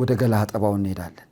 ወደ ገላ አጠባውን እንሄዳለን።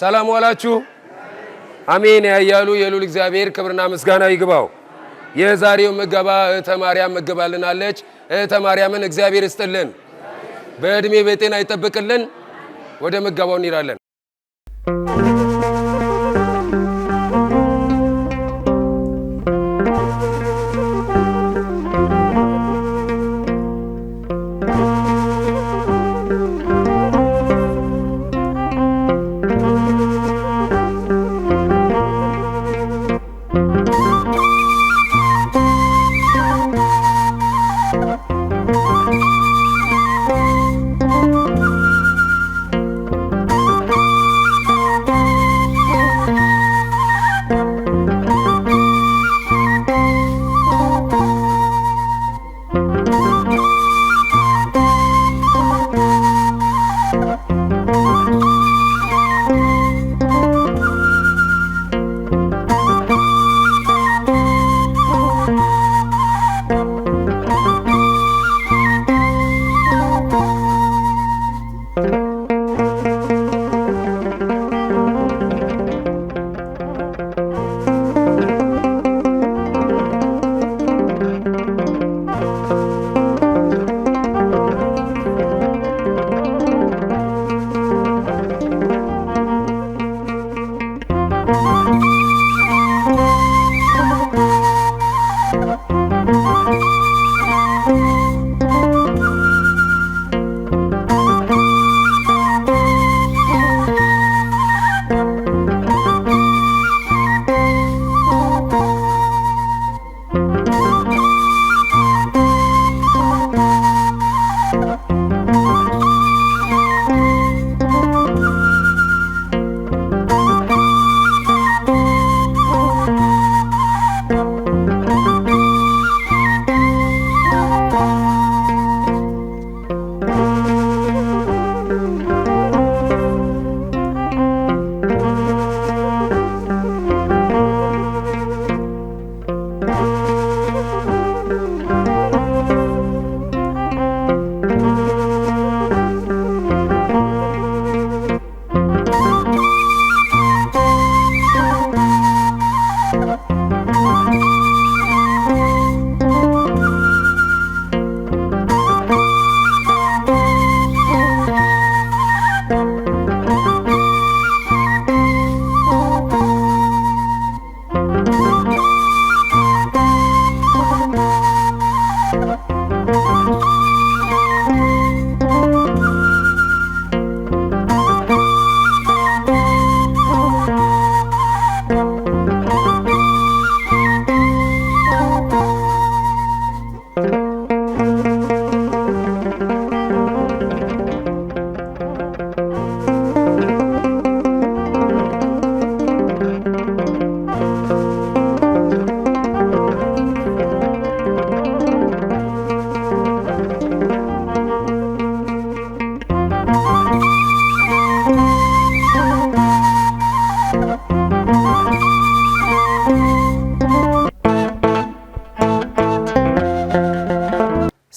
ሰላም ዋላችሁ። አሜን ያያሉ የሉል እግዚአብሔር ክብርና ምስጋና ይግባው። የዛሬው ምገባ እህተ ማርያም መገባልናለች። እህተ ማርያምን እግዚአብሔር ይስጥልን፣ በእድሜ በጤና ይጠብቅልን። ወደ ምገባው እንሄዳለን።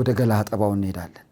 ወደ ገላ አጠባው እንሄዳለን።